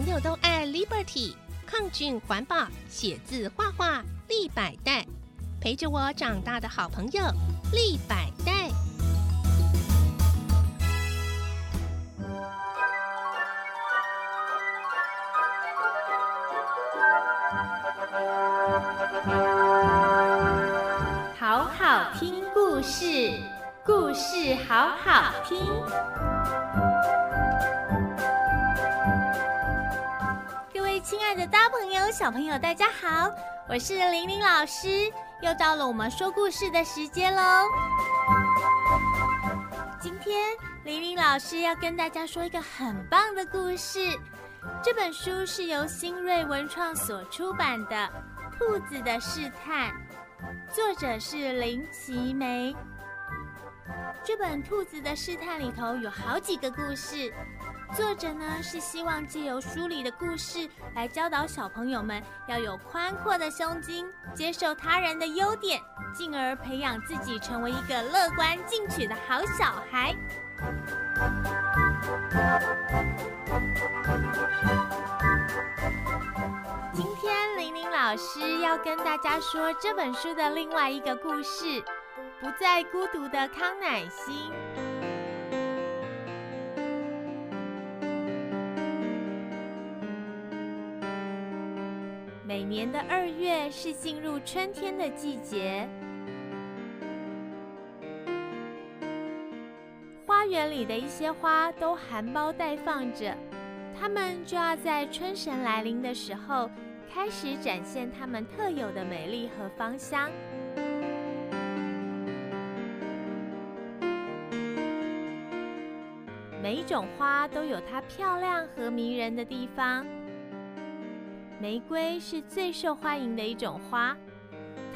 朋友都愛 Liberty，抗菌環保，寫字畫畫，利百代，陪着我長大的好朋友，利百代。好好聽故事，故事好好聽。小朋友，大家好！我是玲玲老師，又到了我們說故事的時間嘍。今天玲玲老師要跟大家說一個很棒的故事。這本書是由新銳文創所出版的《兔子的試探》，作者是林奇梅。這本《兔子的試探》裡頭有好幾個故事。作者呢，是希望借由書裡的故事來教導小朋友們要有寬闊的胸襟，接受他人的優點，進而培養自己成為一個樂觀進取的好小孩。今天玲玲老師要跟大家說這本書的另外一個故事，《不再孤獨的康乃馨》。每年的二月是進入春天的季節，花園裡的一些花都含苞待放着，它們就要在春神來臨的時候開始展現它們特有的美麗和芳香。每一種花都有它漂亮和迷人的地方。玫瑰是最受歡迎的一種花，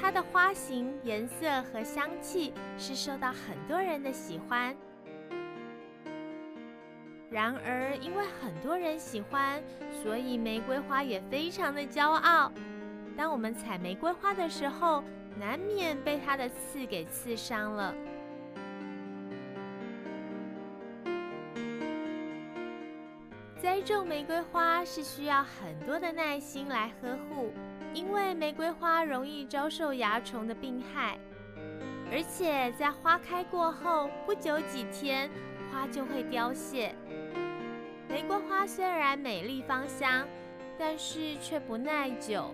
它的花型、顏色和香氣是受到很多人的喜歡。然而，因為很多人喜歡，所以玫瑰花也非常的驕傲。當我們採玫瑰花的時候，難免被它的刺給刺傷了。栽種玫瑰花是需要很多的耐心來呵護，因為玫瑰花容易遭受蚜蟲的病害，而且在花開過後不久幾天，花就會凋謝。玫瑰花雖然美麗芳香，但是卻不耐久。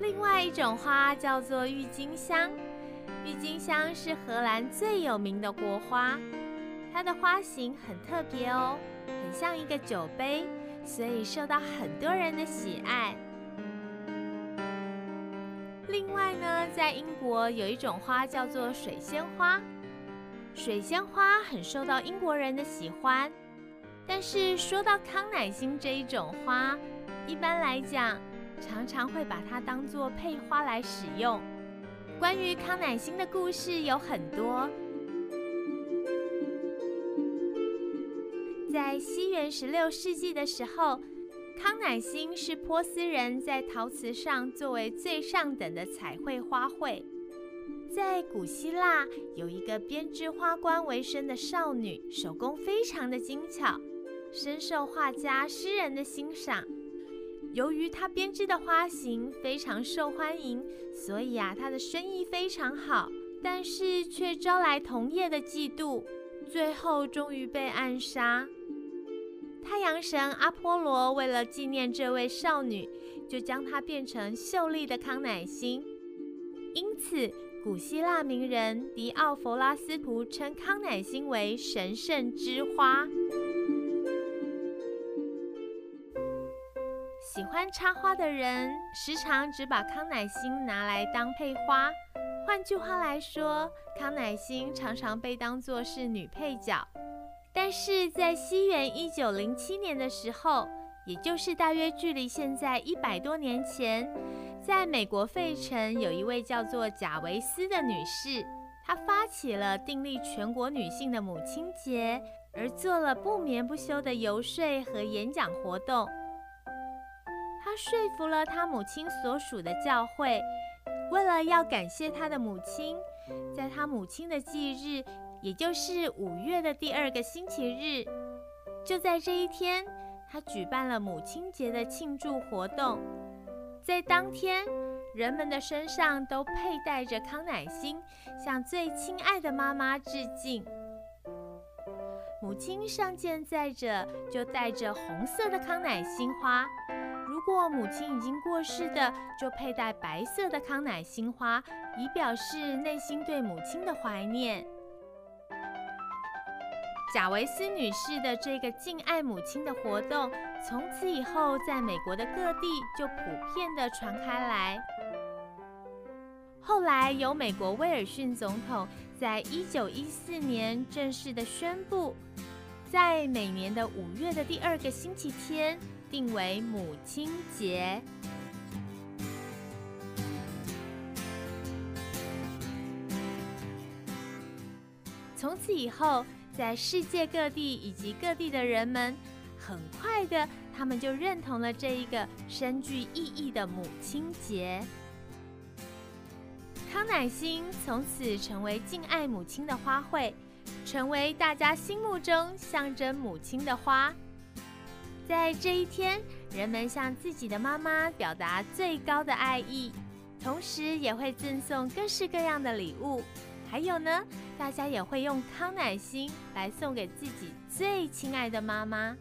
另外一種花叫做鬱金香。鬱金香是荷蘭最有名的國花，它的花型很特別哦，很像一個酒杯，所以受到很多人的喜愛。另外呢，在英國有一種花叫做水仙花，水仙花很受到英國人的喜歡。但是說到康乃馨這一種花，一般來講，常常會把它當做配花來使用。關於康乃馨的故事有很多。在西元十六世紀的時候，康乃馨是波斯人在陶瓷上作為最上等的彩繪花卉。在古希臘，有一個編織花冠為生的少女，手工非常的精巧，深受畫家、詩人的欣賞。由於他編織的花型非常受歡迎，所以啊，他的生意非常好，但是卻招來同業的嫉妒，最後終於被暗殺。太陽神阿波羅為了紀念這位少女，就將她變成秀麗的康乃馨。因此，古希臘名人迪奧弗拉斯圖稱康乃馨為神聖之花。喜歡插花的人，時常只把康乃馨拿來當配花。換句話來說，康乃馨常常被當作是女配角。但是在西元一九零七年的時候，也就是大約距離現在一百多年前，在美國費城有一位叫做賈維斯的女士，她發起了訂立全國女性的母親節，而做了不眠不休的遊說和演講活動。他說服了他母親所屬的教會，為了要感謝他的母親，在他母親的忌日，也就是五月的第二個星期日，就在這一天，他舉辦了母親節的慶祝活動。在當天，人們的身上都佩戴着康乃馨，向最親愛的媽媽致敬。母親尚健在者，就戴着紅色的康乃馨花。如果母親已經過世的，就佩戴白色的康乃馨花，以表示內心對母親的懷念。賈維斯女士的這個敬愛母親的活動，從此以後在美國的各地就普遍的傳開來。後來，由美國威爾遜總統在一九一四年正式的宣布。在每年的五月的第二個星期天定為母親節。從此以後，在世界各地以及各地的人們，很快的，他們就認同了這一個深具意義的母親節。康乃馨從此成為敬愛母親的花卉。成為大家心目中象徵母親的花，在這一天，人們向自己的媽媽表達最高的愛意，同時也會贈送各式各樣的禮物。還有呢，大家也會用康乃馨來送給自己最親愛的媽媽。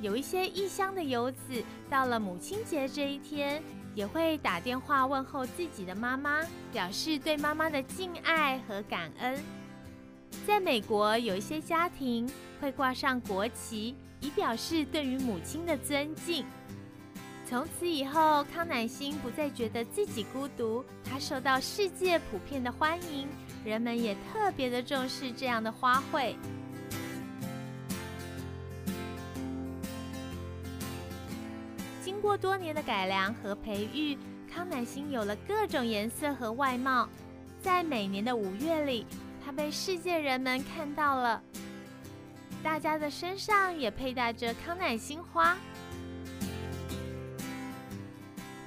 有一些異鄉的遊子，到了母親節這一天，也會打電話問候自己的媽媽，表示對媽媽的敬愛和感恩。在美國，有一些家庭會掛上國旗，以表示對於母親的尊敬。從此以後，康乃馨不再覺得自己孤獨，它受到世界普遍的歡迎，人們也特別的重視這樣的花卉。過多年的改良和培育，康乃馨有了各種顏色和外貌。在每年的五月裡，它被世界人們看到了，大家的身上也佩戴着康乃馨花。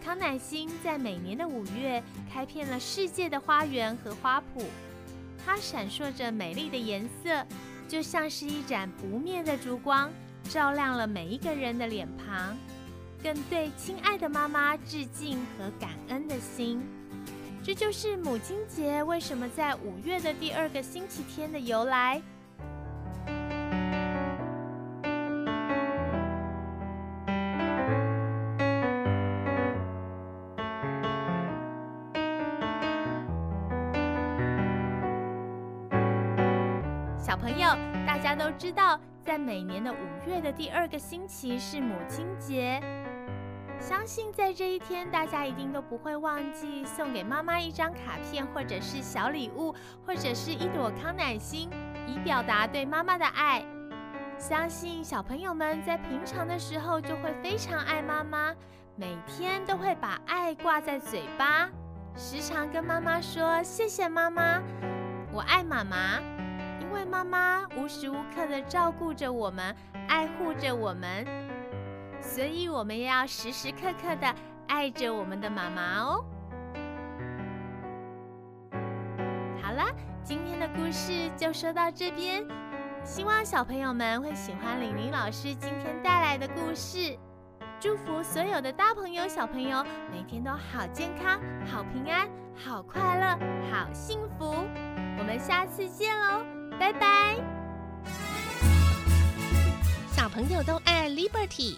康乃馨在每年的五月開遍了世界的花園和花圃，它閃爍着美麗的顏色，就像是一盞不滅的燭光，照亮了每一個人的臉龐。更對親愛的媽媽致敬和感恩的心，這就是母親節為什麼在五月的第二個星期天的由來。小朋友，大家都知道，在每年的五月的第二個星期是母親節。相信在這一天，大家一定都不會忘記送給媽媽一張卡片，或者是小禮物，或者是一朵康乃馨，以表達對媽媽的愛。相信小朋友們在平常的時候就會非常愛媽媽，每天都會把愛掛在嘴巴，時常跟媽媽說：“謝謝媽媽，我愛媽媽，因為媽媽無時無刻的照顧着我們，愛護着我們。”所以我們要時時刻刻的愛着我們的媽媽哦。好了，今天的故事就說到這邊，希望小朋友們會喜歡李林老師今天帶來的故事。祝福所有的大朋友、小朋友每天都好健康、好平安、好快樂、好幸福。我們下次見哦！拜拜。小朋友都愛 Liberty。